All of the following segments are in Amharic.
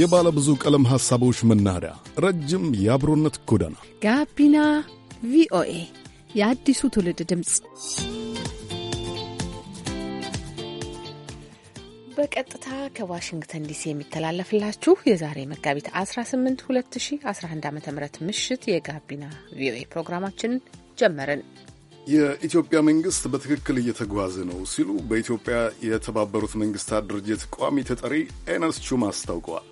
የባለ ብዙ ቀለም ሐሳቦች መናኸሪያ፣ ረጅም የአብሮነት ጎዳና ጋቢና ቪኦኤ የአዲሱ ትውልድ ድምፅ በቀጥታ ከዋሽንግተን ዲሲ የሚተላለፍላችሁ የዛሬ መጋቢት 18 2011 ዓ ም ምሽት የጋቢና ቪኦኤ ፕሮግራማችንን ጀመርን። የኢትዮጵያ መንግስት በትክክል እየተጓዘ ነው ሲሉ በኢትዮጵያ የተባበሩት መንግስታት ድርጅት ቋሚ ተጠሪ ኤነስ ቹማ አስታውቀዋል።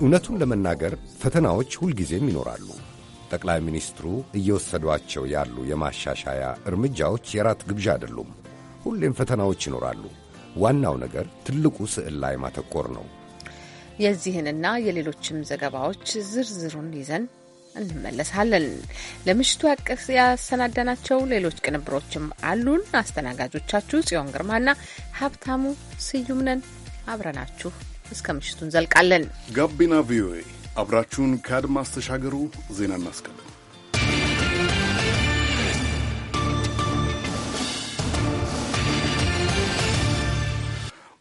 እውነቱን ለመናገር ፈተናዎች ሁልጊዜም ይኖራሉ። ጠቅላይ ሚኒስትሩ እየወሰዷቸው ያሉ የማሻሻያ እርምጃዎች የራት ግብዣ አይደሉም። ሁሌም ፈተናዎች ይኖራሉ። ዋናው ነገር ትልቁ ስዕል ላይ ማተኮር ነው። የዚህንና የሌሎችም ዘገባዎች ዝርዝሩን ይዘን እንመለሳለን። ለምሽቱ ያሰናዳናቸው ሌሎች ቅንብሮችም አሉን። አስተናጋጆቻችሁ ጽዮን ግርማና ሀብታሙ ስዩም ነን። አብረናችሁ እስከ ምሽቱ እንዘልቃለን። ጋቢና ቪኦኤ አብራችሁን ከአድማስ ተሻገሩ። ዜና እናስቀድም።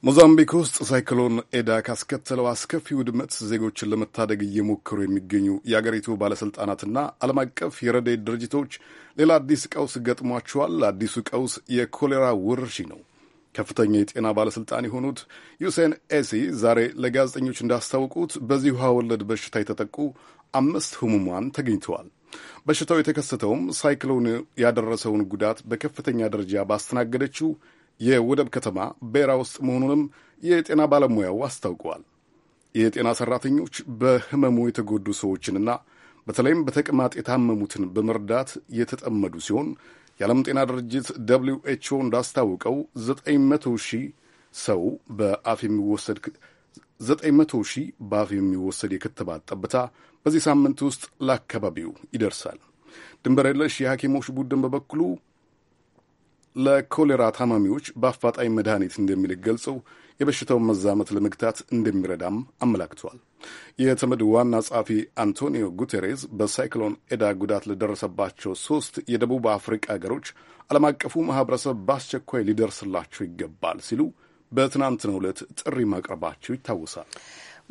ሞዛምቢክ ውስጥ ሳይክሎን ኤዳ ካስከተለው አስከፊ ውድመት ዜጎችን ለመታደግ እየሞከሩ የሚገኙ የአገሪቱ ባለሥልጣናትና ዓለም አቀፍ የረድኤት ድርጅቶች ሌላ አዲስ ቀውስ ገጥሟቸዋል። አዲሱ ቀውስ የኮሌራ ወረርሽኝ ነው። ከፍተኛ የጤና ባለሥልጣን የሆኑት ዩሴን ኤሲ ዛሬ ለጋዜጠኞች እንዳስታውቁት በዚህ ውሃ ወለድ በሽታ የተጠቁ አምስት ህሙማን ተገኝተዋል። በሽታው የተከሰተውም ሳይክሎን ያደረሰውን ጉዳት በከፍተኛ ደረጃ ባስተናገደችው የወደብ ከተማ ቤራ ውስጥ መሆኑንም የጤና ባለሙያው አስታውቀዋል። የጤና ሠራተኞች በህመሙ የተጎዱ ሰዎችንና በተለይም በተቅማጥ የታመሙትን በመርዳት የተጠመዱ ሲሆን የዓለም ጤና ድርጅት ደብሊው ኤች ኦ እንዳስታወቀው 900 ሺህ ሰው በአፍ የሚወሰድ 900 ሺህ በአፍ የሚወሰድ የክትባት ጠብታ በዚህ ሳምንት ውስጥ ለአካባቢው ይደርሳል። ድንበር የለሽ የሐኪሞች ቡድን በበኩሉ ለኮሌራ ታማሚዎች በአፋጣኝ መድኃኒት እንደሚልክ ገልጸው የበሽታውን መዛመት ለመግታት እንደሚረዳም አመላክቷል። የተመድ ዋና ጸሐፊ አንቶኒዮ ጉቴሬዝ በሳይክሎን ኤዳ ጉዳት ለደረሰባቸው ሶስት የደቡብ አፍሪቃ ሀገሮች ዓለም አቀፉ ማኅበረሰብ በአስቸኳይ ሊደርስላቸው ይገባል ሲሉ በትናንትናው ዕለት ጥሪ ማቅረባቸው ይታወሳል።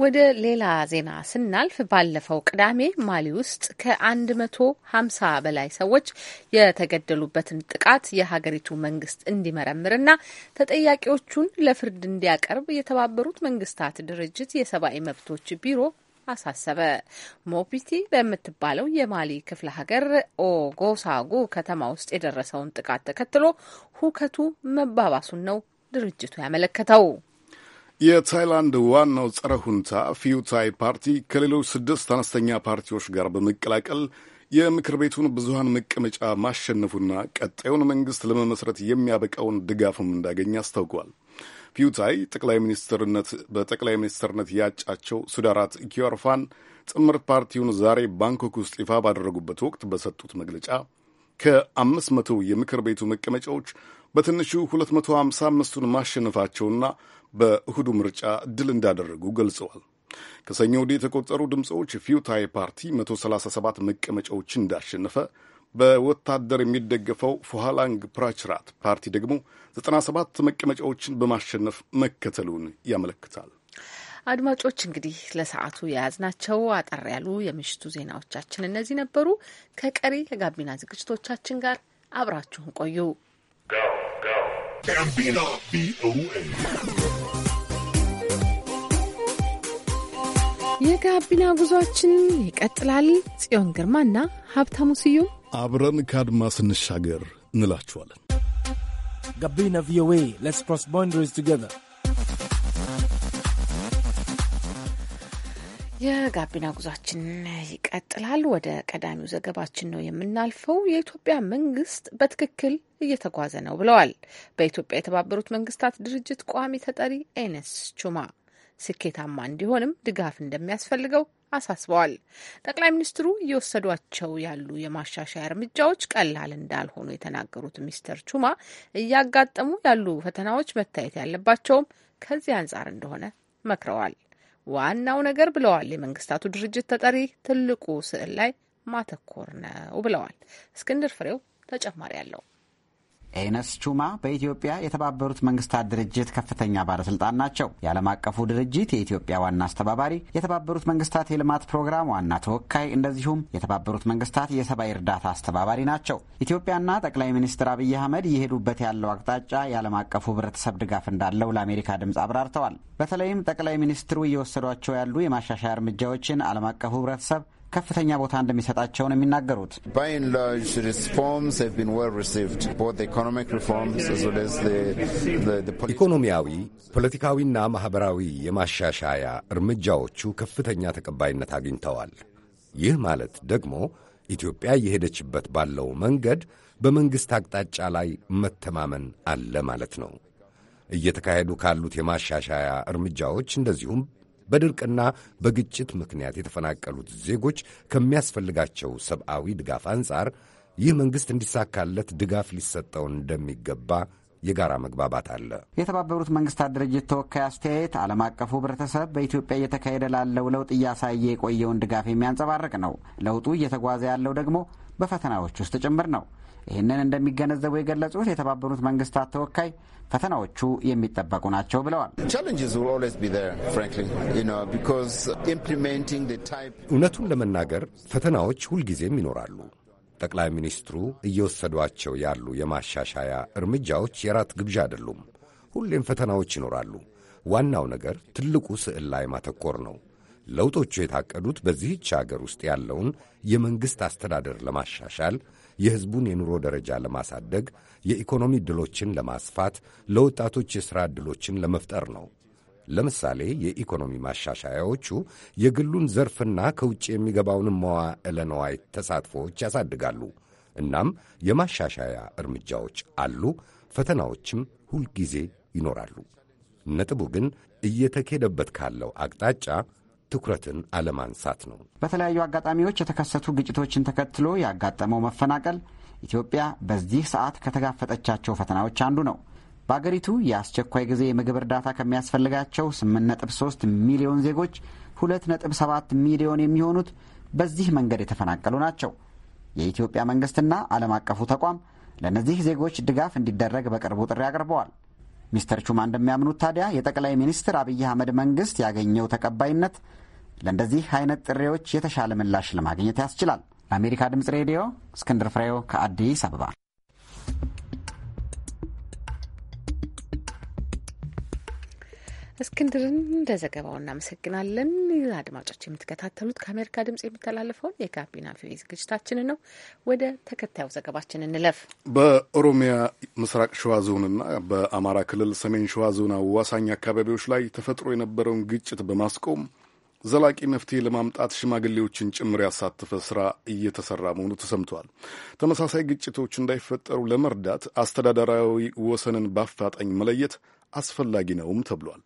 ወደ ሌላ ዜና ስናልፍ ባለፈው ቅዳሜ ማሊ ውስጥ ከ150 በላይ ሰዎች የተገደሉበትን ጥቃት የሀገሪቱ መንግስት እንዲመረምርና ተጠያቂዎቹን ለፍርድ እንዲያቀርብ የተባበሩት መንግስታት ድርጅት የሰብአዊ መብቶች ቢሮ አሳሰበ። ሞፒቲ በምትባለው የማሊ ክፍለ ሀገር ኦጎሳጉ ከተማ ውስጥ የደረሰውን ጥቃት ተከትሎ ሁከቱ መባባሱን ነው ድርጅቱ ያመለከተው። የታይላንድ ዋናው ጸረ ሁንታ ፊዩታይ ፓርቲ ከሌሎች ስድስት አነስተኛ ፓርቲዎች ጋር በመቀላቀል የምክር ቤቱን ብዙሃን መቀመጫ ማሸነፉና ቀጣዩን መንግሥት ለመመስረት የሚያበቃውን ድጋፍም እንዳገኘ አስታውቋል። ፒዩታይ ጠቅላይ ሚኒስትርነት በጠቅላይ ሚኒስትርነት ያጫቸው ሱዳራት ኪዮርፋን ጥምር ፓርቲውን ዛሬ ባንኮክ ውስጥ ይፋ ባደረጉበት ወቅት በሰጡት መግለጫ ከአምስት መቶ የምክር ቤቱ መቀመጫዎች በትንሹ 255ቱን ማሸነፋቸውና በእሁዱ ምርጫ ድል እንዳደረጉ ገልጸዋል። ከሰኞ ወዲህ የተቆጠሩ ድምፆች ፊውታይ ፓርቲ 137 መቀመጫዎችን እንዳሸነፈ፣ በወታደር የሚደገፈው ፎሃላንግ ፕራችራት ፓርቲ ደግሞ 97 መቀመጫዎችን በማሸነፍ መከተሉን ያመለክታል። አድማጮች እንግዲህ ለሰዓቱ የያዝናቸው አጠር ያሉ የምሽቱ ዜናዎቻችን እነዚህ ነበሩ። ከቀሪ የጋቢና ዝግጅቶቻችን ጋር አብራችሁን ቆዩ። የጋቢና ጉዟችን ይቀጥላል። ጽዮን ግርማና ሀብታሙ ስዩም አብረን ከአድማ ስንሻገር እንላችኋለን። ጋቢና ቪኦኤ ሌትስ ክሮስ ቦንደሪስ ቱጌዘር የጋቢና ጉዟችን ይቀጥላል። ወደ ቀዳሚው ዘገባችን ነው የምናልፈው። የኢትዮጵያ መንግስት በትክክል እየተጓዘ ነው ብለዋል በኢትዮጵያ የተባበሩት መንግስታት ድርጅት ቋሚ ተጠሪ ኤነስ ቹማ ስኬታማ እንዲሆንም ድጋፍ እንደሚያስፈልገው አሳስበዋል። ጠቅላይ ሚኒስትሩ እየወሰዷቸው ያሉ የማሻሻያ እርምጃዎች ቀላል እንዳልሆኑ የተናገሩት ሚስተር ቹማ እያጋጠሙ ያሉ ፈተናዎች መታየት ያለባቸውም ከዚህ አንጻር እንደሆነ መክረዋል። ዋናው ነገር ብለዋል የመንግስታቱ ድርጅት ተጠሪ ትልቁ ስዕል ላይ ማተኮር ነው ብለዋል። እስክንድር ፍሬው ተጨማሪ አለው። ኤነስ ቹማ በኢትዮጵያ የተባበሩት መንግስታት ድርጅት ከፍተኛ ባለስልጣን ናቸው። የዓለም አቀፉ ድርጅት የኢትዮጵያ ዋና አስተባባሪ፣ የተባበሩት መንግስታት የልማት ፕሮግራም ዋና ተወካይ፣ እንደዚሁም የተባበሩት መንግስታት የሰብአዊ እርዳታ አስተባባሪ ናቸው። ኢትዮጵያና ጠቅላይ ሚኒስትር አብይ አህመድ እየሄዱበት ያለው አቅጣጫ የዓለም አቀፉ ህብረተሰብ ድጋፍ እንዳለው ለአሜሪካ ድምፅ አብራርተዋል። በተለይም ጠቅላይ ሚኒስትሩ እየወሰዷቸው ያሉ የማሻሻያ እርምጃዎችን ዓለም አቀፉ ህብረተሰብ ከፍተኛ ቦታ እንደሚሰጣቸው ነው የሚናገሩት። ኢኮኖሚያዊ፣ ፖለቲካዊና ማኅበራዊ የማሻሻያ እርምጃዎቹ ከፍተኛ ተቀባይነት አግኝተዋል። ይህ ማለት ደግሞ ኢትዮጵያ እየሄደችበት ባለው መንገድ በመንግሥት አቅጣጫ ላይ መተማመን አለ ማለት ነው። እየተካሄዱ ካሉት የማሻሻያ እርምጃዎች እንደዚሁም በድርቅና በግጭት ምክንያት የተፈናቀሉት ዜጎች ከሚያስፈልጋቸው ሰብአዊ ድጋፍ አንጻር ይህ መንግሥት እንዲሳካለት ድጋፍ ሊሰጠው እንደሚገባ የጋራ መግባባት አለ። የተባበሩት መንግስታት ድርጅት ተወካይ አስተያየት ዓለም አቀፉ ህብረተሰብ በኢትዮጵያ እየተካሄደ ላለው ለውጥ እያሳየ የቆየውን ድጋፍ የሚያንጸባርቅ ነው። ለውጡ እየተጓዘ ያለው ደግሞ በፈተናዎች ውስጥ ጭምር ነው። ይህንን እንደሚገነዘቡ የገለጹት የተባበሩት መንግስታት ተወካይ ፈተናዎቹ የሚጠበቁ ናቸው ብለዋል። እውነቱን ለመናገር ፈተናዎች ሁልጊዜም ይኖራሉ። ጠቅላይ ሚኒስትሩ እየወሰዷቸው ያሉ የማሻሻያ እርምጃዎች የራት ግብዣ አይደሉም። ሁሌም ፈተናዎች ይኖራሉ። ዋናው ነገር ትልቁ ስዕል ላይ ማተኮር ነው። ለውጦቹ የታቀዱት በዚህች አገር ውስጥ ያለውን የመንግሥት አስተዳደር ለማሻሻል የሕዝቡን የኑሮ ደረጃ ለማሳደግ፣ የኢኮኖሚ ድሎችን ለማስፋት፣ ለወጣቶች የሥራ ዕድሎችን ለመፍጠር ነው። ለምሳሌ የኢኮኖሚ ማሻሻያዎቹ የግሉን ዘርፍና ከውጭ የሚገባውንም መዋዕለ ነዋይ ተሳትፎዎች ያሳድጋሉ። እናም የማሻሻያ እርምጃዎች አሉ፣ ፈተናዎችም ሁልጊዜ ይኖራሉ። ነጥቡ ግን እየተኬደበት ካለው አቅጣጫ ትኩረትን አለማንሳት ነው። በተለያዩ አጋጣሚዎች የተከሰቱ ግጭቶችን ተከትሎ ያጋጠመው መፈናቀል ኢትዮጵያ በዚህ ሰዓት ከተጋፈጠቻቸው ፈተናዎች አንዱ ነው። በአገሪቱ የአስቸኳይ ጊዜ የምግብ እርዳታ ከሚያስፈልጋቸው 8.3 ሚሊዮን ዜጎች 2.7 ሚሊዮን የሚሆኑት በዚህ መንገድ የተፈናቀሉ ናቸው። የኢትዮጵያ መንግስትና ዓለም አቀፉ ተቋም ለእነዚህ ዜጎች ድጋፍ እንዲደረግ በቅርቡ ጥሪ አቅርበዋል። ሚስተር ቹማ እንደሚያምኑት ታዲያ የጠቅላይ ሚኒስትር አብይ አህመድ መንግስት ያገኘው ተቀባይነት ለእንደዚህ አይነት ጥሪዎች የተሻለ ምላሽ ለማግኘት ያስችላል። ለአሜሪካ ድምፅ ሬዲዮ እስክንድር ፍሬው ከአዲስ አበባ እስክንድርን እንደ ዘገባው እናመሰግናለን። አድማጮች የምትከታተሉት ከአሜሪካ ድምጽ የሚተላለፈውን የጋቢና ቪኦኤ ዝግጅታችን ነው። ወደ ተከታዩ ዘገባችን እንለፍ። በኦሮሚያ ምስራቅ ሸዋ ዞንና በአማራ ክልል ሰሜን ሸዋ ዞን አዋሳኝ አካባቢዎች ላይ ተፈጥሮ የነበረውን ግጭት በማስቆም ዘላቂ መፍትሄ ለማምጣት ሽማግሌዎችን ጭምር ያሳተፈ ስራ እየተሰራ መሆኑ ተሰምቷል። ተመሳሳይ ግጭቶች እንዳይፈጠሩ ለመርዳት አስተዳደራዊ ወሰንን በአፋጣኝ መለየት አስፈላጊ ነውም ተብሏል።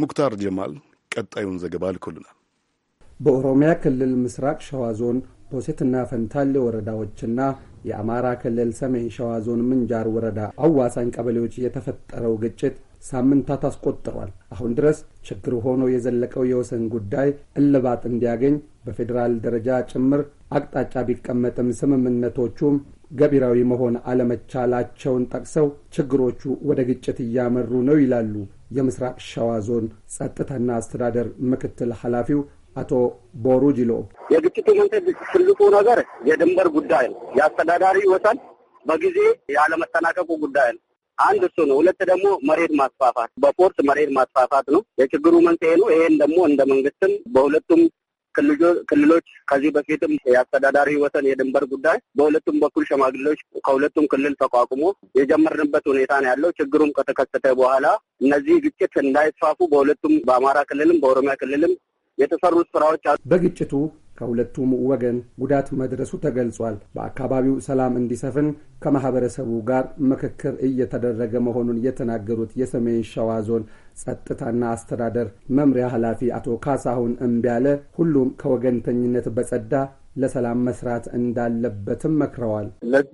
ሙክታር ጀማል ቀጣዩን ዘገባ ልኮልናል። በኦሮሚያ ክልል ምስራቅ ሸዋ ዞን ቦሴትና ፈንታሌ ወረዳዎችና የአማራ ክልል ሰሜን ሸዋ ዞን ምንጃር ወረዳ አዋሳኝ ቀበሌዎች የተፈጠረው ግጭት ሳምንታት አስቆጥሯል። አሁን ድረስ ችግር ሆኖ የዘለቀው የወሰን ጉዳይ እልባት እንዲያገኝ በፌዴራል ደረጃ ጭምር አቅጣጫ ቢቀመጥም ስምምነቶቹም ገቢራዊ መሆን አለመቻላቸውን ጠቅሰው ችግሮቹ ወደ ግጭት እያመሩ ነው ይላሉ የምስራቅ ሸዋ ዞን ጸጥታና አስተዳደር ምክትል ኃላፊው አቶ ቦሩ ጅሎ። የግጭቱ መንስኤ ትልቁ ነገር የድንበር ጉዳይ ነው። የአስተዳዳሪ ወሰን በጊዜ ያለመጠናቀቁ ጉዳይ ነው። አንድ እሱ ነው። ሁለት ደግሞ መሬት ማስፋፋት በፎርስ መሬት ማስፋፋት ነው የችግሩ መንስኤ ነው። ይሄን ደግሞ እንደ መንግስትም በሁለቱም ክልሎች ከዚህ በፊትም የአስተዳዳሪ ወሰን የድንበር ጉዳይ በሁለቱም በኩል ሸማግሌዎች ከሁለቱም ክልል ተቋቁሞ የጀመርንበት ሁኔታ ነው ያለው። ችግሩም ከተከሰተ በኋላ እነዚህ ግጭት እንዳይስፋፉ በሁለቱም በአማራ ክልልም በኦሮሚያ ክልልም የተሰሩት ስራዎች በግጭቱ ከሁለቱም ወገን ጉዳት መድረሱ ተገልጿል። በአካባቢው ሰላም እንዲሰፍን ከማህበረሰቡ ጋር ምክክር እየተደረገ መሆኑን የተናገሩት የሰሜን ሸዋ ዞን ጸጥታና አስተዳደር መምሪያ ኃላፊ አቶ ካሳሁን እምቢያለ ሁሉም ከወገንተኝነት በጸዳ ለሰላም መስራት እንዳለበትም መክረዋል።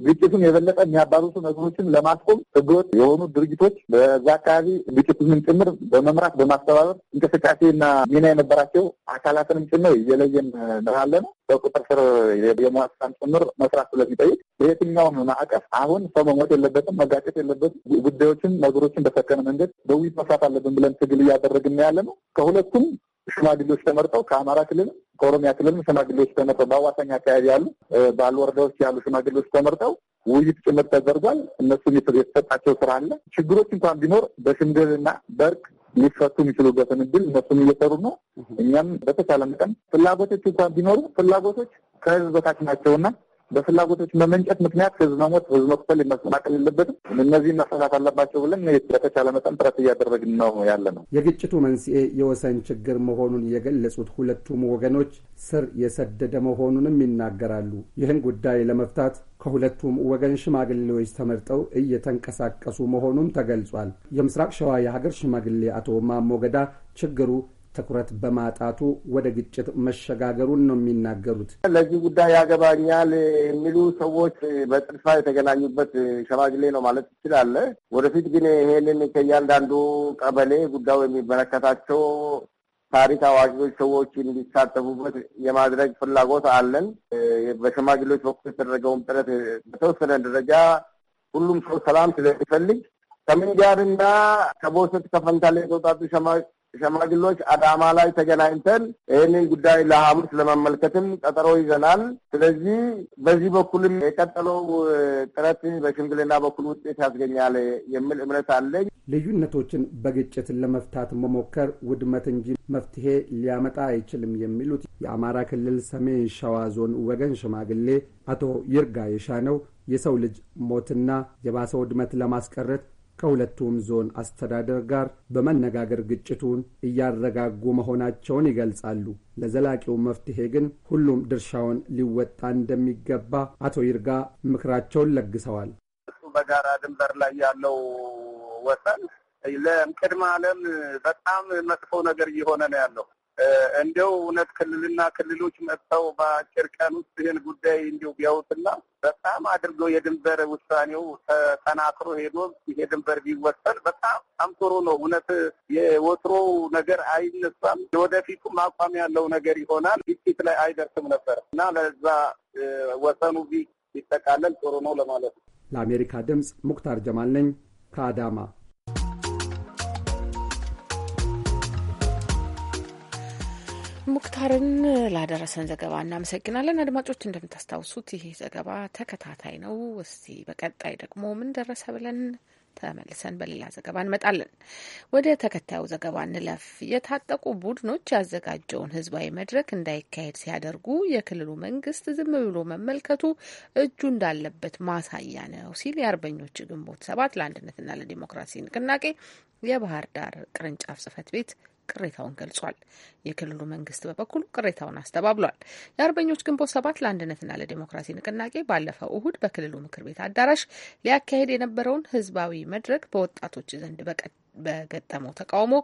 ግጭቱን የበለጠ የሚያባብሱ ነገሮችን ለማስቆም ህገወጥ የሆኑ ድርጅቶች በዛ አካባቢ ግጭቱንም ጭምር በመምራት በማስተባበር እንቅስቃሴና ሚና የነበራቸው አካላትንም ጭምር እየለየን ንራለ ነው በቁጥር ስር የመዋሳን ጭምር መስራት ስለሚጠይቅ በየትኛውም ማዕቀፍ አሁን ሰው መሞት የለበትም፣ መጋጨት የለበትም። ጉዳዮችን ነገሮችን በሰከነ መንገድ በውይይት መስራት አለብን ብለን ትግል እያደረግን ያለ ነው ከሁለቱም ሽማግሌዎች ተመርጠው ከአማራ ክልልም ከኦሮሚያ ክልልም ሽማግሌዎች ተመርጠው በአዋሳኝ አካባቢ ያሉ ባሉ ወረዳዎች ያሉ ሽማግሌዎች ተመርጠው ውይይት ጭምር ተደርጓል። እነሱም የተሰጣቸው ስራ አለ። ችግሮች እንኳን ቢኖር በሽምግልና በእርቅ ሊፈቱ የሚችሉበትን እድል እነሱም እየሰሩ ነው። እኛም በተቻለ መጠን ፍላጎቶች እንኳን ቢኖሩ ፍላጎቶች ከህዝብ በታች ናቸውና በፍላጎቶች መመንጨት ምክንያት ህዝብ መሞት፣ ህዝብ መክፈል መሰናቀል የለበትም። እነዚህ መፈታት አለባቸው ብለን በተቻለ መጠን ጥረት እያደረግን ነው ያለ ነው። የግጭቱ መንስኤ የወሰን ችግር መሆኑን የገለጹት ሁለቱም ወገኖች ስር የሰደደ መሆኑንም ይናገራሉ። ይህን ጉዳይ ለመፍታት ከሁለቱም ወገን ሽማግሌዎች ተመርጠው እየተንቀሳቀሱ መሆኑም ተገልጿል። የምስራቅ ሸዋ የሀገር ሽማግሌ አቶ ማሞ ገዳ ችግሩ ትኩረት በማጣቱ ወደ ግጭት መሸጋገሩን ነው የሚናገሩት። ለዚህ ጉዳይ ያገባኛል የሚሉ ሰዎች በጥድፋ የተገናኙበት ሸማግሌ ነው ማለት ትችላለ። ወደፊት ግን ይሄንን ከእያንዳንዱ ቀበሌ ጉዳዩ የሚመለከታቸው ታሪክ አዋቂዎች ሰዎች እንዲሳተፉበት የማድረግ ፍላጎት አለን። በሸማግሌዎች በኩል የተደረገውን ጥረት በተወሰነ ደረጃ ሁሉም ሰው ሰላም ስለሚፈልግ ከምንጃርና ከቦሰት ከፈንታሌ የተውጣጡ ሸማግሎች አዳማ ላይ ተገናኝተን ይህንን ጉዳይ ለሐሙስ ለመመልከትም ቀጠሮ ይዘናል። ስለዚህ በዚህ በኩልም የቀጠለው ጥረት በሽምግልና በኩል ውጤት ያስገኛል የሚል እምነት አለኝ። ልዩነቶችን በግጭት ለመፍታት መሞከር ውድመት እንጂ መፍትሄ ሊያመጣ አይችልም የሚሉት የአማራ ክልል ሰሜን ሸዋ ዞን ወገን ሽማግሌ አቶ ይርጋ የሻነው የሰው ልጅ ሞትና የባሰ ውድመት ለማስቀረት ከሁለቱም ዞን አስተዳደር ጋር በመነጋገር ግጭቱን እያረጋጉ መሆናቸውን ይገልጻሉ። ለዘላቂው መፍትሄ ግን ሁሉም ድርሻውን ሊወጣ እንደሚገባ አቶ ይርጋ ምክራቸውን ለግሰዋል። በጋራ ድንበር ላይ ያለው ወሰን ለቅድመ ዓለም በጣም መጥፎ ነገር እየሆነ ነው ያለው እንደው እውነት ክልልና ክልሎች መጥተው በአጭር ቀን ውስጥ ይህን ጉዳይ እንዲሁ ቢያውትና በጣም አድርገው የድንበር ውሳኔው ተጠናክሮ ሄዶ ይሄ ድንበር ቢወሰን በጣም ጥሩ ነው። እውነት የወትሮው ነገር አይነሳም። የወደፊቱ አቋም ያለው ነገር ይሆናል። ግጭት ላይ አይደርስም ነበር እና ለዛ ወሰኑ ቢጠቃለል ጥሩ ነው ለማለት ነው። ለአሜሪካ ድምፅ ሙክታር ጀማል ነኝ ከአዳማ ሙክታርን ላደረሰን ዘገባ እናመሰግናለን። አድማጮች እንደምታስታውሱት ይህ ዘገባ ተከታታይ ነው። እስቲ በቀጣይ ደግሞ ምን ደረሰ ብለን ተመልሰን በሌላ ዘገባ እንመጣለን። ወደ ተከታዩ ዘገባ እንለፍ። የታጠቁ ቡድኖች ያዘጋጀውን ህዝባዊ መድረክ እንዳይካሄድ ሲያደርጉ የክልሉ መንግስት ዝም ብሎ መመልከቱ እጁ እንዳለበት ማሳያ ነው ሲል የአርበኞች ግንቦት ሰባት ለአንድነትና ለዲሞክራሲ ንቅናቄ የባህር ዳር ቅርንጫፍ ጽህፈት ቤት ቅሬታውን ገልጿል። የክልሉ መንግስት በበኩሉ ቅሬታውን አስተባብሏል። የአርበኞች ግንቦት ሰባት ለአንድነትና ለዲሞክራሲ ንቅናቄ ባለፈው እሁድ በክልሉ ምክር ቤት አዳራሽ ሊያካሄድ የነበረውን ህዝባዊ መድረክ በወጣቶች ዘንድ በገጠመው ተቃውሞ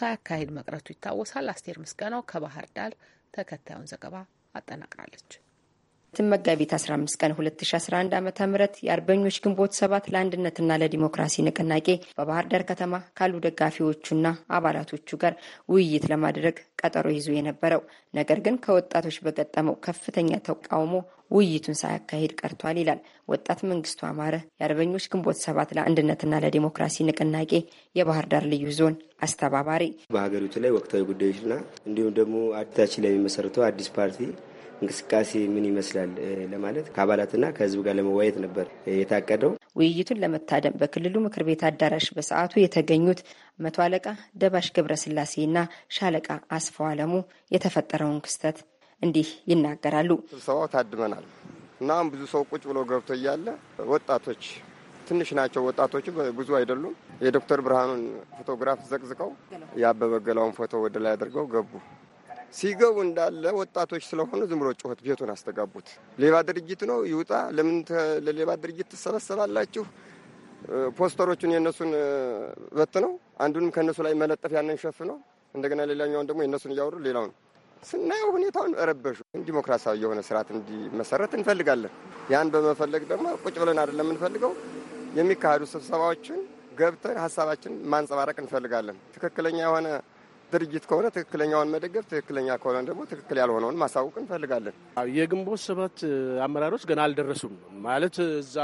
ሳያካሂድ መቅረቱ ይታወሳል። አስቴር ምስጋናው ከባህር ዳር ተከታዩን ዘገባ አጠናቅራለች። መጋቢት 15 ቀን 2011 ዓ ም የአርበኞች ግንቦት ሰባት ለአንድነትና ለዲሞክራሲ ንቅናቄ በባህር ዳር ከተማ ካሉ ደጋፊዎቹና አባላቶቹ ጋር ውይይት ለማድረግ ቀጠሮ ይዞ የነበረው ነገር ግን ከወጣቶች በገጠመው ከፍተኛ ተቃውሞ ውይይቱን ሳያካሄድ ቀርቷል ይላል ወጣት መንግስቱ አማረ የአርበኞች ግንቦት ሰባት ለአንድነትና ለዲሞክራሲ ንቅናቄ የባህር ዳር ልዩ ዞን አስተባባሪ። በሀገሪቱ ላይ ወቅታዊ ጉዳዮችና እንዲሁም ደግሞ አዲታችን ላይ የሚመሰረተው አዲስ ፓርቲ እንቅስቃሴ ምን ይመስላል ለማለት ከአባላትና ከህዝብ ጋር ለመወያየት ነበር የታቀደው። ውይይቱን ለመታደም በክልሉ ምክር ቤት አዳራሽ በሰዓቱ የተገኙት መቶ አለቃ ደባሽ ገብረስላሴና ሻለቃ አስፋው አለሙ የተፈጠረውን ክስተት እንዲህ ይናገራሉ። ስብሰባው ታድመናል እናም ብዙ ሰው ቁጭ ብሎ ገብቶ እያለ ወጣቶች ትንሽ ናቸው ወጣቶቹ፣ ብዙ አይደሉም። የዶክተር ብርሃኑን ፎቶግራፍ ዘቅዝቀው የአበበ ገላውን ፎቶ ወደ ላይ አድርገው ገቡ። ሲገቡ እንዳለ ወጣቶች ስለሆኑ ዝም ብሎ ጩኸት ቤቱን አስተጋቡት። ሌባ ድርጅት ነው ይውጣ፣ ለምን ለሌባ ድርጅት ትሰበሰባላችሁ? ፖስተሮቹን የእነሱን ነው አንዱንም ከእነሱ ላይ መለጠፍ ያንን ሸፍ ነው እንደገና ሌላኛውን ደግሞ የእነሱን እያወሩ ሌላውን ስናየው ሁኔታውን ረበሹ። ዲሞክራሲያዊ የሆነ ስርዓት እንዲመሰረት እንፈልጋለን። ያን በመፈለግ ደግሞ ቁጭ ብለን አይደለም የምንፈልገው የሚካሄዱ ስብሰባዎችን ገብተን ሀሳባችን ማንጸባረቅ እንፈልጋለን። ትክክለኛ የሆነ ድርጅት ከሆነ ትክክለኛውን መደገፍ፣ ትክክለኛ ከሆነ ደግሞ ትክክል ያልሆነውን ማሳወቅ እንፈልጋለን። የግንቦት ሰባት አመራሮች ገና አልደረሱም ማለት እዛ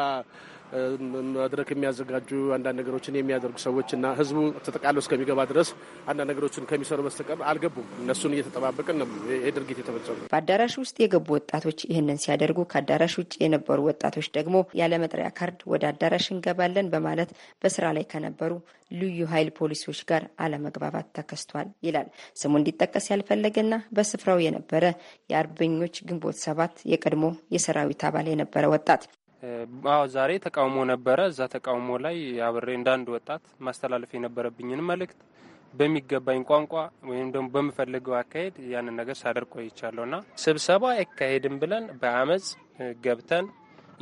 መድረክ የሚያዘጋጁ አንዳንድ ነገሮችን የሚያደርጉ ሰዎች እና ህዝቡ ተጠቃሎ እስከሚገባ ድረስ አንዳንድ ነገሮችን ከሚሰሩ በስተቀር አልገቡም። እነሱን እየተጠባበቅን ነው ይሄ ድርጊት የተፈጸሙ። በአዳራሽ ውስጥ የገቡ ወጣቶች ይህንን ሲያደርጉ፣ ከአዳራሽ ውጭ የነበሩ ወጣቶች ደግሞ ያለመጥሪያ ካርድ ወደ አዳራሽ እንገባለን በማለት በስራ ላይ ከነበሩ ልዩ ኃይል ፖሊሶች ጋር አለመግባባት ተከስቷል ይላል ስሙ እንዲጠቀስ ያልፈለገና በስፍራው የነበረ የአርበኞች ግንቦት ሰባት የቀድሞ የሰራዊት አባል የነበረ ወጣት አዎ ዛሬ ተቃውሞ ነበረ። እዛ ተቃውሞ ላይ አብሬ እንዳንድ ወጣት ማስተላለፍ የነበረብኝን መልእክት በሚገባኝ ቋንቋ ወይም ደግሞ በምፈልገው አካሄድ ያንን ነገር ሳደርግ ቆይቻለሁ ና ስብሰባ አይካሄድም ብለን በአመፅ ገብተን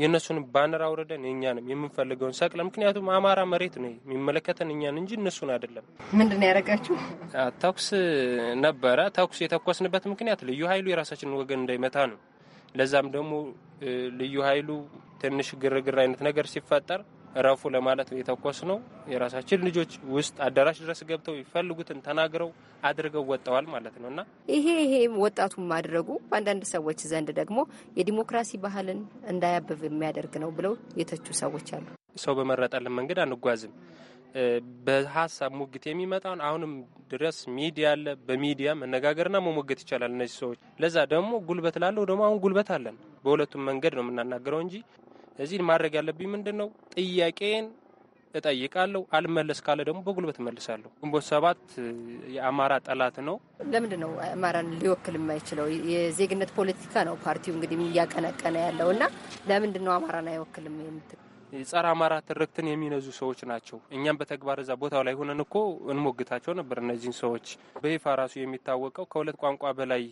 የእነሱን ባነር አውርደን የእኛንም የምንፈልገውን ሰቅለ ምክንያቱም አማራ መሬት ነው የሚመለከተን እኛን እንጂ እነሱን አይደለም። ምንድን ነው ያደረጋችሁ? ተኩስ ነበረ። ተኩስ የተኮስንበት ምክንያት ልዩ ኃይሉ የራሳችንን ወገን እንዳይመታ ነው። ለዛም ደግሞ ልዩ ኃይሉ ትንሽ ግርግር አይነት ነገር ሲፈጠር እረፉ ለማለት የተኮስ ነው። የራሳችን ልጆች ውስጥ አዳራሽ ድረስ ገብተው ይፈልጉትን ተናግረው አድርገው ወጥተዋል ማለት ነው እና ይሄ ይሄ ወጣቱን ማድረጉ በአንዳንድ ሰዎች ዘንድ ደግሞ የዲሞክራሲ ባህልን እንዳያብብ የሚያደርግ ነው ብለው የተቹ ሰዎች አሉ። ሰው በመረጠልን መንገድ አንጓዝም በሀሳብ ሙግት የሚመጣውን አሁንም ድረስ ሚዲያ አለ። በሚዲያ መነጋገርና መሞገት ይቻላል። እነዚህ ሰዎች ለዛ ደግሞ ጉልበት ላለው ደግሞ አሁን ጉልበት አለን። በሁለቱም መንገድ ነው የምናናገረው እንጂ እዚህ ማድረግ ያለብኝ ምንድን ነው? ጥያቄን እጠይቃለሁ። አልመለስ ካለ ደግሞ በጉልበት እመልሳለሁ። ግንቦት ሰባት የአማራ ጠላት ነው። ለምንድን ነው አማራን ሊወክል የማይችለው? የዜግነት ፖለቲካ ነው ፓርቲው እንግዲህ እያቀነቀነ ያለው እና ለምንድን ነው አማራን አይወክልም የምትል ጸረ አማራ ትርክትን የሚነዙ ሰዎች ናቸው። እኛም በተግባር እዛ ቦታው ላይ ሆነን እኮ እንሞግታቸው ነበር። እነዚህን ሰዎች በይፋ ራሱ የሚታወቀው ከሁለት ቋንቋ በላይ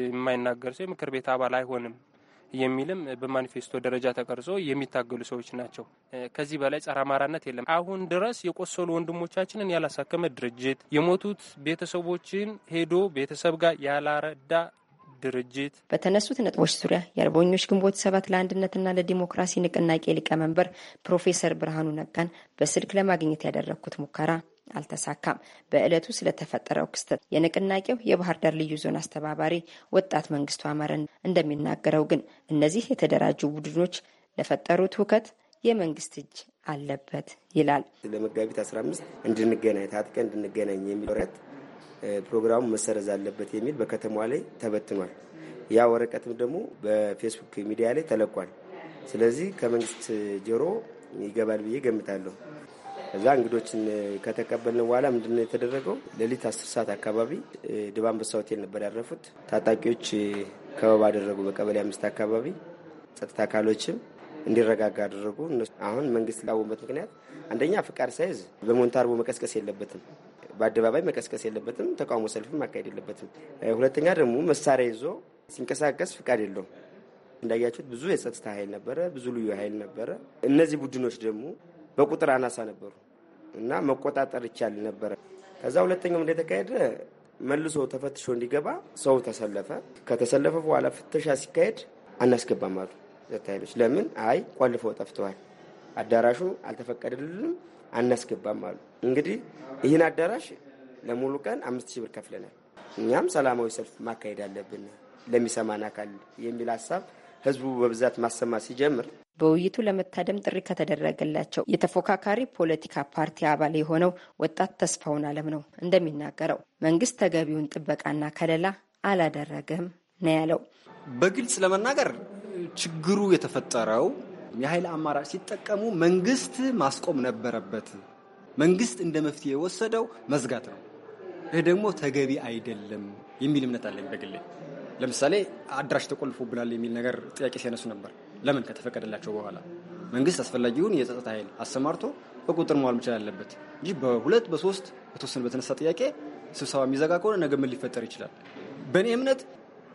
የማይናገር ሰው የምክር ቤት አባል አይሆንም የሚልም በማኒፌስቶ ደረጃ ተቀርጾ የሚታገሉ ሰዎች ናቸው። ከዚህ በላይ ጸረ አማራነት የለም። አሁን ድረስ የቆሰሉ ወንድሞቻችንን ያላሳከመ ድርጅት፣ የሞቱት ቤተሰቦችን ሄዶ ቤተሰብ ጋር ያላረዳ ድርጅት በተነሱት ነጥቦች ዙሪያ የአርበኞች ግንቦት ሰባት ለአንድነትና ለዲሞክራሲ ንቅናቄ ሊቀመንበር ፕሮፌሰር ብርሃኑ ነጋን በስልክ ለማግኘት ያደረግኩት ሙከራ አልተሳካም። በዕለቱ ስለተፈጠረው ክስተት የንቅናቄው የባህር ዳር ልዩ ዞን አስተባባሪ ወጣት መንግስቱ አማረን እንደሚናገረው ግን እነዚህ የተደራጁ ቡድኖች ለፈጠሩት ሁከት የመንግስት እጅ አለበት ይላል። ለመጋቢት 15 እንድንገናኝ ታጥቀ እንድንገናኝ የሚል ፕሮግራሙ መሰረዝ አለበት የሚል በከተማዋ ላይ ተበትኗል። ያ ወረቀትም ደግሞ በፌስቡክ ሚዲያ ላይ ተለቋል። ስለዚህ ከመንግስት ጆሮ ይገባል ብዬ ገምታለሁ። እዛ እንግዶችን ከተቀበልን በኋላ ምንድነው የተደረገው? ሌሊት አስር ሰዓት አካባቢ ድባ ሆቴል ነበር ያረፉት። ታጣቂዎች ከበባ አደረጉ። በቀበሌ አምስት አካባቢ ጸጥታ አካሎችም እንዲረጋጋ አደረጉ። አሁን መንግስት ላወበት ምክንያት አንደኛ ፍቃድ ሳይዝ በሞንታርቦ መቀስቀስ የለበትም በአደባባይ መቀስቀስ የለበትም። ተቃውሞ ሰልፍም ማካሄድ የለበትም። ሁለተኛ ደግሞ መሳሪያ ይዞ ሲንቀሳቀስ ፍቃድ የለውም። እንዳያችሁት ብዙ የጸጥታ ኃይል ነበረ፣ ብዙ ልዩ ኃይል ነበረ። እነዚህ ቡድኖች ደግሞ በቁጥር አናሳ ነበሩ እና መቆጣጠር ይቻል ነበረ። ከዛ ሁለተኛው እንደተካሄደ መልሶ ተፈትሾ እንዲገባ ሰው ተሰለፈ። ከተሰለፈ በኋላ ፍተሻ ሲካሄድ አናስገባም አሉ ጸጥታ ኃይሎች። ለምን? አይ ቆልፈው ጠፍተዋል፣ አዳራሹ አልተፈቀደልንም አናስገባም አሉ። እንግዲህ ይህን አዳራሽ ለሙሉ ቀን አምስት ሺህ ብር ከፍለናል። እኛም ሰላማዊ ሰልፍ ማካሄድ አለብን ለሚሰማን አካል የሚል ሀሳብ ህዝቡ በብዛት ማሰማት ሲጀምር በውይይቱ ለመታደም ጥሪ ከተደረገላቸው የተፎካካሪ ፖለቲካ ፓርቲ አባል የሆነው ወጣት ተስፋውን አለም ነው እንደሚናገረው መንግስት ተገቢውን ጥበቃና ከለላ አላደረገም ነው ያለው። በግልጽ ለመናገር ችግሩ የተፈጠረው የኃይል አማራጭ ሲጠቀሙ መንግስት ማስቆም ነበረበት። መንግስት እንደ መፍትሄ የወሰደው መዝጋት ነው። ይህ ደግሞ ተገቢ አይደለም የሚል እምነት አለኝ በግሌ። ለምሳሌ አድራሽ ተቆልፎብናል የሚል ነገር ጥያቄ ሲያነሱ ነበር። ለምን ከተፈቀደላቸው በኋላ መንግስት አስፈላጊውን የጸጥታ ኃይል አሰማርቶ በቁጥር መዋል መቻል አለበት እንጂ በሁለት በሶስት በተወሰነ በተነሳ ጥያቄ ስብሰባ የሚዘጋ ከሆነ ነገ ምን ሊፈጠር ይችላል? በእኔ እምነት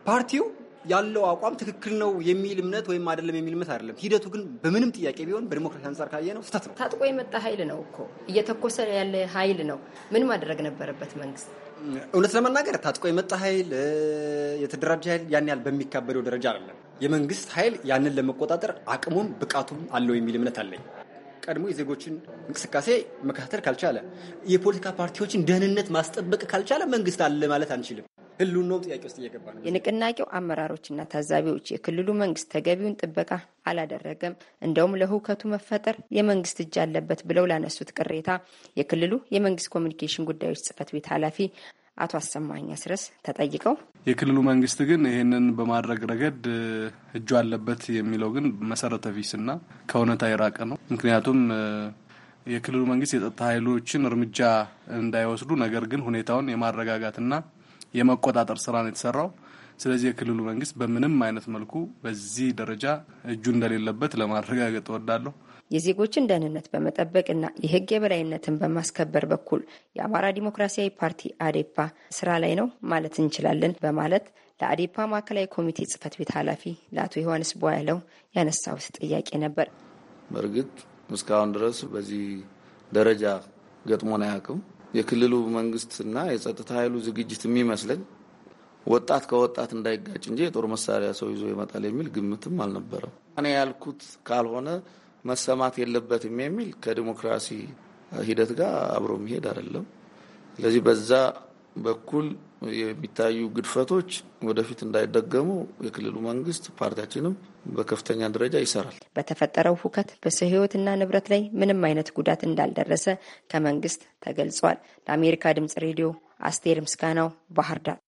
ፓርቲው ያለው አቋም ትክክል ነው የሚል እምነት ወይም አይደለም የሚል እምነት አይደለም። ሂደቱ ግን በምንም ጥያቄ ቢሆን በዲሞክራሲ አንጻር ካየ ነው ስህተት ነው። ታጥቆ የመጣ ኃይል ነው እኮ እየተኮሰ ያለ ኃይል ነው። ምን ማድረግ ነበረበት መንግስት? እውነት ለመናገር ታጥቆ የመጣ ኃይል የተደራጀ ኃይል ያን ያህል በሚካበደው ደረጃ አይደለም። የመንግስት ኃይል ያንን ለመቆጣጠር አቅሙም ብቃቱም አለው የሚል እምነት አለኝ። ቀድሞ የዜጎችን እንቅስቃሴ መከታተል ካልቻለ፣ የፖለቲካ ፓርቲዎችን ደህንነት ማስጠበቅ ካልቻለ መንግስት አለ ማለት አንችልም። ህልውናውም ጥያቄ ውስጥ እየገባ ነው። የንቅናቄው አመራሮችና ታዛቢዎች የክልሉ መንግስት ተገቢውን ጥበቃ አላደረገም፣ እንደውም ለሁከቱ መፈጠር የመንግስት እጅ አለበት ብለው ላነሱት ቅሬታ የክልሉ የመንግስት ኮሚኒኬሽን ጉዳዮች ጽህፈት ቤት ኃላፊ አቶ አሰማኝ አስረስ ተጠይቀው የክልሉ መንግስት ግን ይህንን በማድረግ ረገድ እጁ አለበት የሚለው ግን መሰረተ ቢስና ከእውነታ የራቀ ነው። ምክንያቱም የክልሉ መንግስት የጸጥታ ኃይሎችን እርምጃ እንዳይወስዱ ነገር ግን ሁኔታውን የማረጋጋትና የመቆጣጠር ስራ ነው የተሰራው። ስለዚህ የክልሉ መንግስት በምንም አይነት መልኩ በዚህ ደረጃ እጁ እንደሌለበት ለማረጋገጥ እወዳለሁ። የዜጎችን ደህንነት በመጠበቅና የህግ የበላይነትን በማስከበር በኩል የአማራ ዲሞክራሲያዊ ፓርቲ አዴፓ ስራ ላይ ነው ማለት እንችላለን በማለት ለአዴፓ ማዕከላዊ ኮሚቴ ጽህፈት ቤት ኃላፊ ለአቶ ዮሐንስ ቧያለው ያነሳሁት ጥያቄ ነበር። በእርግጥ እስካሁን ድረስ በዚህ ደረጃ ገጥሞን አያውቅም። የክልሉ መንግስትና የጸጥታ ኃይሉ ዝግጅት የሚመስለኝ ወጣት ከወጣት እንዳይጋጭ እንጂ የጦር መሳሪያ ሰው ይዞ ይመጣል የሚል ግምትም አልነበረም። እኔ ያልኩት ካልሆነ መሰማት የለበትም የሚል ከዲሞክራሲ ሂደት ጋር አብሮ መሄድ አይደለም። ስለዚህ በዛ በኩል የሚታዩ ግድፈቶች ወደፊት እንዳይደገሙ የክልሉ መንግስት ፓርቲያችንም በከፍተኛ ደረጃ ይሰራል። በተፈጠረው ሁከት በሰው ንብረት ላይ ምንም አይነት ጉዳት እንዳልደረሰ ከመንግስት ተገልጿል። ለአሜሪካ ድምጽ ሬዲዮ አስቴር ምስጋናው ባህር ዳር።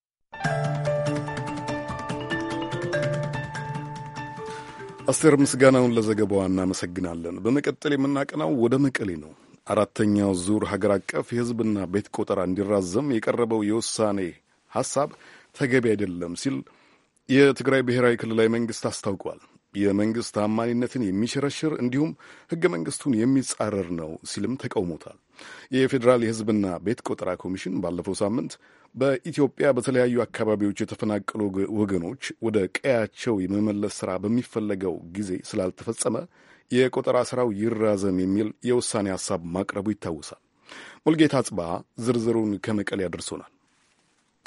አስቴር ምስጋናውን ለዘገባዋ እናመሰግናለን። በመቀጠል የምናቀናው ወደ መቀሌ ነው። አራተኛው ዙር ሀገር አቀፍ የህዝብና ቤት ቆጠራ እንዲራዘም የቀረበው የውሳኔ ሀሳብ ተገቢ አይደለም ሲል የትግራይ ብሔራዊ ክልላዊ መንግስት አስታውቋል። የመንግስት ታማኒነትን የሚሸረሽር እንዲሁም ህገ መንግስቱን የሚጻረር ነው ሲልም ተቃውሞታል። የፌዴራል የህዝብና ቤት ቆጠራ ኮሚሽን ባለፈው ሳምንት በኢትዮጵያ በተለያዩ አካባቢዎች የተፈናቀሉ ወገኖች ወደ ቀያቸው የመመለስ ሥራ በሚፈለገው ጊዜ ስላልተፈጸመ የቆጠራ ሥራው ይራዘም የሚል የውሳኔ ሐሳብ ማቅረቡ ይታወሳል። ሙልጌታ ጽባ ዝርዝሩን ከመቀሌ ያደርሶናል።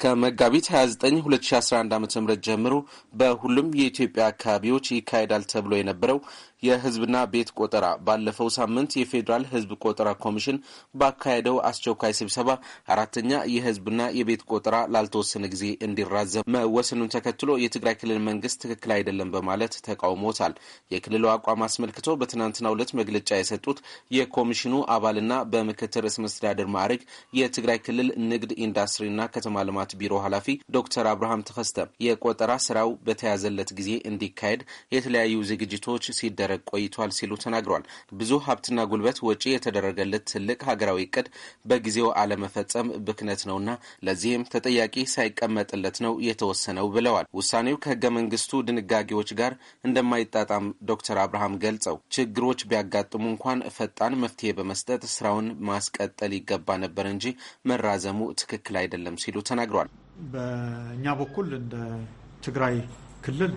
ከመጋቢት 29 2011 ዓ ም ጀምሮ በሁሉም የኢትዮጵያ አካባቢዎች ይካሄዳል ተብሎ የነበረው የህዝብና ቤት ቆጠራ ባለፈው ሳምንት የፌዴራል ህዝብ ቆጠራ ኮሚሽን ባካሄደው አስቸኳይ ስብሰባ አራተኛ የህዝብና የቤት ቆጠራ ላልተወሰነ ጊዜ እንዲራዘም መወሰኑን ተከትሎ የትግራይ ክልል መንግስት ትክክል አይደለም በማለት ተቃውሞታል። የክልሉ አቋም አስመልክቶ በትናንትናው ዕለት መግለጫ የሰጡት የኮሚሽኑ አባልና በምክትል ርዕሰ መስተዳድር ማዕረግ የትግራይ ክልል ንግድ ኢንዱስትሪና ከተማ ልማት ቢሮ ኃላፊ ዶክተር አብርሃም ተከስተ የቆጠራ ስራው በተያዘለት ጊዜ እንዲካሄድ የተለያዩ ዝግጅቶች ሲደረ ሲደረግ ቆይቷል ሲሉ ተናግረዋል። ብዙ ሀብትና ጉልበት ወጪ የተደረገለት ትልቅ ሀገራዊ እቅድ በጊዜው አለመፈጸም ብክነት ነውና ለዚህም ተጠያቂ ሳይቀመጥለት ነው የተወሰነው ብለዋል። ውሳኔው ከህገ መንግስቱ ድንጋጌዎች ጋር እንደማይጣጣም ዶክተር አብርሃም ገልጸው ችግሮች ቢያጋጥሙ እንኳን ፈጣን መፍትሄ በመስጠት ስራውን ማስቀጠል ይገባ ነበር እንጂ መራዘሙ ትክክል አይደለም ሲሉ ተናግሯል። በእኛ በኩል እንደ ትግራይ ክልል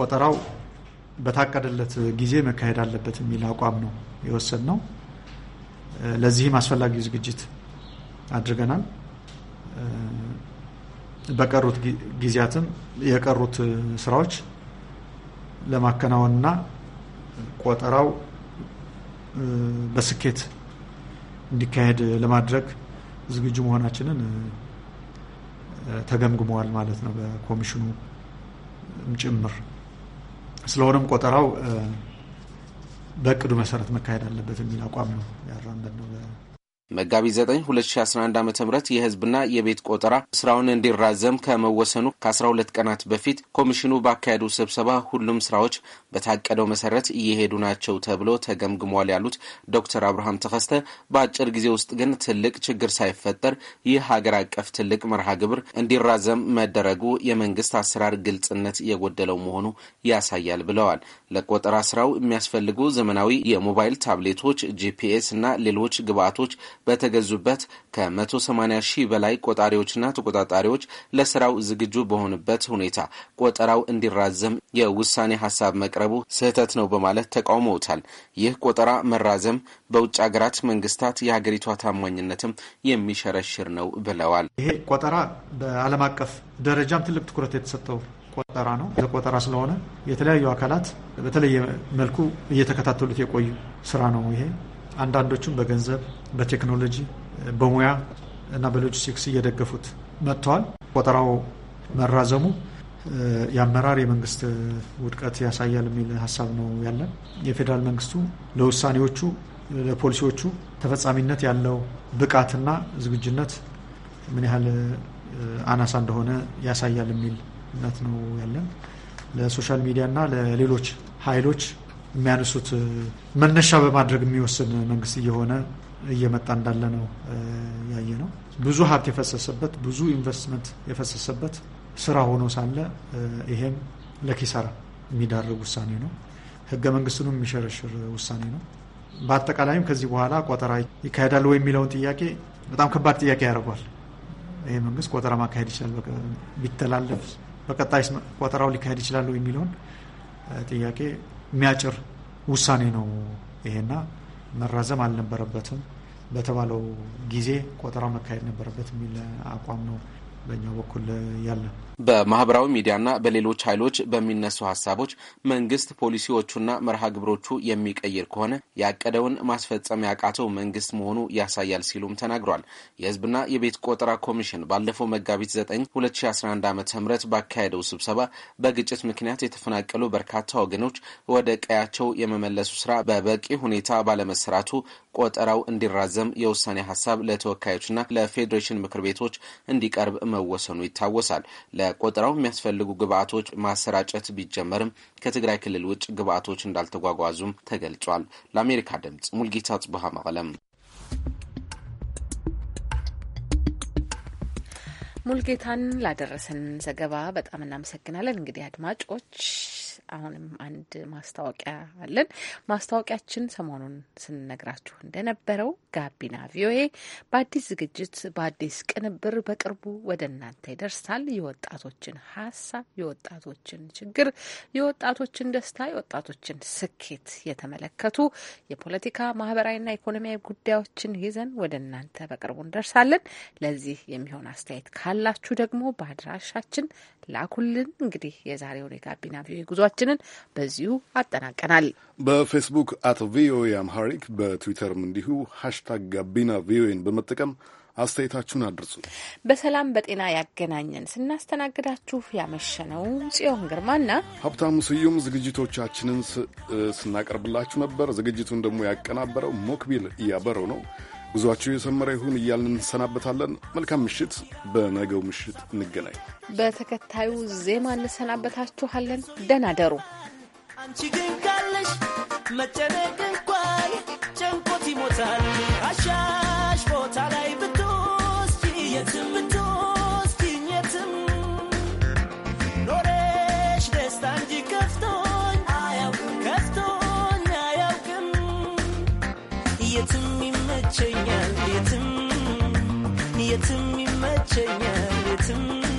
ቆጠራው በታቀደለት ጊዜ መካሄድ አለበት የሚል አቋም ነው የወሰድ ነው። ለዚህም አስፈላጊው ዝግጅት አድርገናል። በቀሩት ጊዜያትም የቀሩት ስራዎች ለማከናወንና ቆጠራው በስኬት እንዲካሄድ ለማድረግ ዝግጁ መሆናችንን ተገምግመዋል ማለት ነው በኮሚሽኑ ጭምር። ስለሆነም ቆጠራው በእቅዱ መሰረት መካሄድ አለበት የሚል አቋም ነው ያራመድ ነው። መጋቢት 9 2011 ዓ ም የህዝብና የቤት ቆጠራ ስራውን እንዲራዘም ከመወሰኑ ከ12 ቀናት በፊት ኮሚሽኑ ባካሄዱ ስብሰባ ሁሉም ስራዎች በታቀደው መሰረት እየሄዱ ናቸው ተብሎ ተገምግሟል ያሉት ዶክተር አብርሃም ተከስተ በአጭር ጊዜ ውስጥ ግን ትልቅ ችግር ሳይፈጠር ይህ ሀገር አቀፍ ትልቅ መርሃ ግብር እንዲራዘም መደረጉ የመንግስት አሰራር ግልጽነት የጎደለው መሆኑ ያሳያል ብለዋል። ለቆጠራ ስራው የሚያስፈልጉ ዘመናዊ የሞባይል ታብሌቶች፣ ጂፒኤስ እና ሌሎች ግብአቶች በተገዙበት ከ180 ሺህ በላይ ቆጣሪዎችና ተቆጣጣሪዎች ለስራው ዝግጁ በሆኑበት ሁኔታ ቆጠራው እንዲራዘም የውሳኔ ሀሳብ መቅረቡ ስህተት ነው በማለት ተቃውመውታል። ይህ ቆጠራ መራዘም በውጭ ሀገራት መንግስታት የሀገሪቷ ታማኝነትም የሚሸረሽር ነው ብለዋል። ይሄ ቆጠራ በዓለም አቀፍ ደረጃም ትልቅ ትኩረት የተሰጠው ቆጠራ ነው። ቆጠራ ስለሆነ የተለያዩ አካላት በተለየ መልኩ እየተከታተሉት የቆዩ ስራ ነው። ይሄ አንዳንዶቹም በገንዘብ በቴክኖሎጂ በሙያ እና በሎጂስቲክስ እየደገፉት መጥተዋል። ቆጠራው መራዘሙ የአመራር የመንግስት ውድቀት ያሳያል የሚል ሀሳብ ነው ያለን። የፌዴራል መንግስቱ ለውሳኔዎቹ ለፖሊሲዎቹ ተፈጻሚነት ያለው ብቃትና ዝግጁነት ምን ያህል አናሳ እንደሆነ ያሳያል የሚል እምነት ነው ያለን። ለሶሻል ሚዲያና ለሌሎች ኃይሎች የሚያነሱት መነሻ በማድረግ የሚወስን መንግስት እየሆነ እየመጣ እንዳለ ነው ያየ ነው። ብዙ ሀብት የፈሰሰበት ብዙ ኢንቨስትመንት የፈሰሰበት ስራ ሆኖ ሳለ ይሄም ለኪሳራ የሚዳርግ ውሳኔ ነው። ህገ መንግስቱንም የሚሸረሽር ውሳኔ ነው። በአጠቃላይም ከዚህ በኋላ ቆጠራ ይካሄዳል ወይ የሚለውን ጥያቄ በጣም ከባድ ጥያቄ ያደርጓል። ይሄ መንግስት ቆጠራ ማካሄድ ይችላል ቢተላለፍ በቀጣይ ቆጠራው ሊካሄድ ይችላል የሚለውን ጥያቄ የሚያጭር ውሳኔ ነው ይሄና መራዘም አልነበረበትም፣ በተባለው ጊዜ ቆጠራ መካሄድ ነበረበት የሚል አቋም ነው በእኛ በኩል ያለ በማህበራዊ ሚዲያና በሌሎች ኃይሎች በሚነሱ ሀሳቦች መንግስት ፖሊሲዎቹና መርሃ ግብሮቹ የሚቀይር ከሆነ ያቀደውን ማስፈጸም ያቃተው መንግስት መሆኑ ያሳያል ሲሉም ተናግሯል። የህዝብና የቤት ቆጠራ ኮሚሽን ባለፈው መጋቢት 9 2011 ዓ ም ባካሄደው ስብሰባ በግጭት ምክንያት የተፈናቀሉ በርካታ ወገኖች ወደ ቀያቸው የመመለሱ ስራ በበቂ ሁኔታ ባለመሰራቱ ቆጠራው እንዲራዘም የውሳኔ ሀሳብ ለተወካዮችና ለፌዴሬሽን ምክር ቤቶች እንዲቀርብ መወሰኑ ይታወሳል። ለቆጠራው የሚያስፈልጉ ግብአቶች ማሰራጨት ቢጀመርም ከትግራይ ክልል ውጭ ግብአቶች እንዳልተጓጓዙም ተገልጿል። ለአሜሪካ ድምጽ ሙልጌታ ጽቡሃ መቀለም። ሙልጌታን ላደረሰን ዘገባ በጣም እናመሰግናለን። እንግዲህ አድማጮች አሁንም አንድ ማስታወቂያ አለን። ማስታወቂያችን ሰሞኑን ስንነግራችሁ እንደነበረው ጋቢና ቪኦኤ በአዲስ ዝግጅት በአዲስ ቅንብር በቅርቡ ወደ እናንተ ይደርሳል። የወጣቶችን ሀሳብ፣ የወጣቶችን ችግር፣ የወጣቶችን ደስታ፣ የወጣቶችን ስኬት የተመለከቱ የፖለቲካ ማህበራዊና ኢኮኖሚያዊ ጉዳዮችን ይዘን ወደ እናንተ በቅርቡ እንደርሳለን። ለዚህ የሚሆን አስተያየት ካላችሁ ደግሞ በአድራሻችን ላኩልን። እንግዲህ የዛሬውን የጋቢና ቪኦኤ ጉዟችንን በዚሁ አጠናቀናል። በፌስቡክ አት ቪኦኤ አምሃሪክ በትዊተርም እንዲሁ ሀሽታግ ጋቢና ቪኦኤን በመጠቀም አስተያየታችሁን አድርሱ። በሰላም በጤና ያገናኘን። ስናስተናግዳችሁ ያመሸነው ጽዮን ግርማና ሀብታሙ ስዩም ዝግጅቶቻችንን ስናቀርብላችሁ ነበር። ዝግጅቱን ደግሞ ያቀናበረው ሞክቢል እያበረው ነው። ጉዟችሁ የሰመረ ይሁን እያልን እንሰናበታለን። መልካም ምሽት። በነገው ምሽት እንገናኝ። በተከታዩ ዜማ እንሰናበታችኋለን። ደህና ደሩ። አንቺ ግን ካለሽ መጨነቅ እንኳን ጨንቆት ይሞታል። ይመቸኛል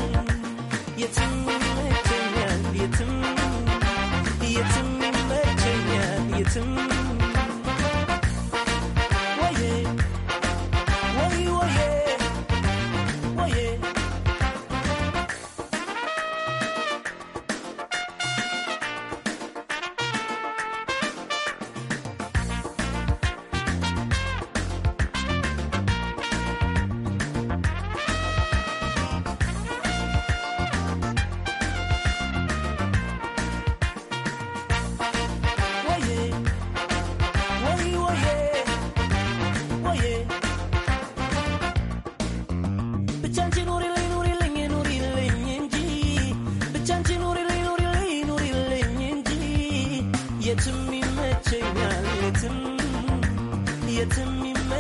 የትም የትም ይመቸኛል የትም የትም ይመቸኛል የትም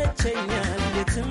ይመቸኛል የትም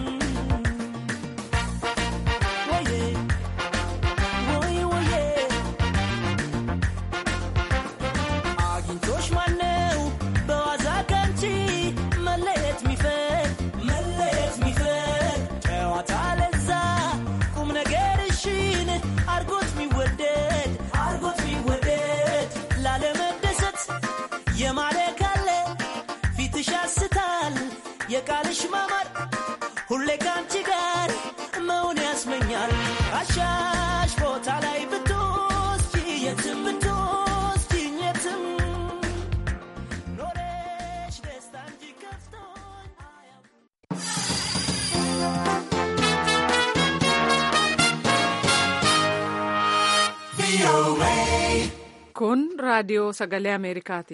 റേഡിയോ സകല അമേരിക്കാത്തി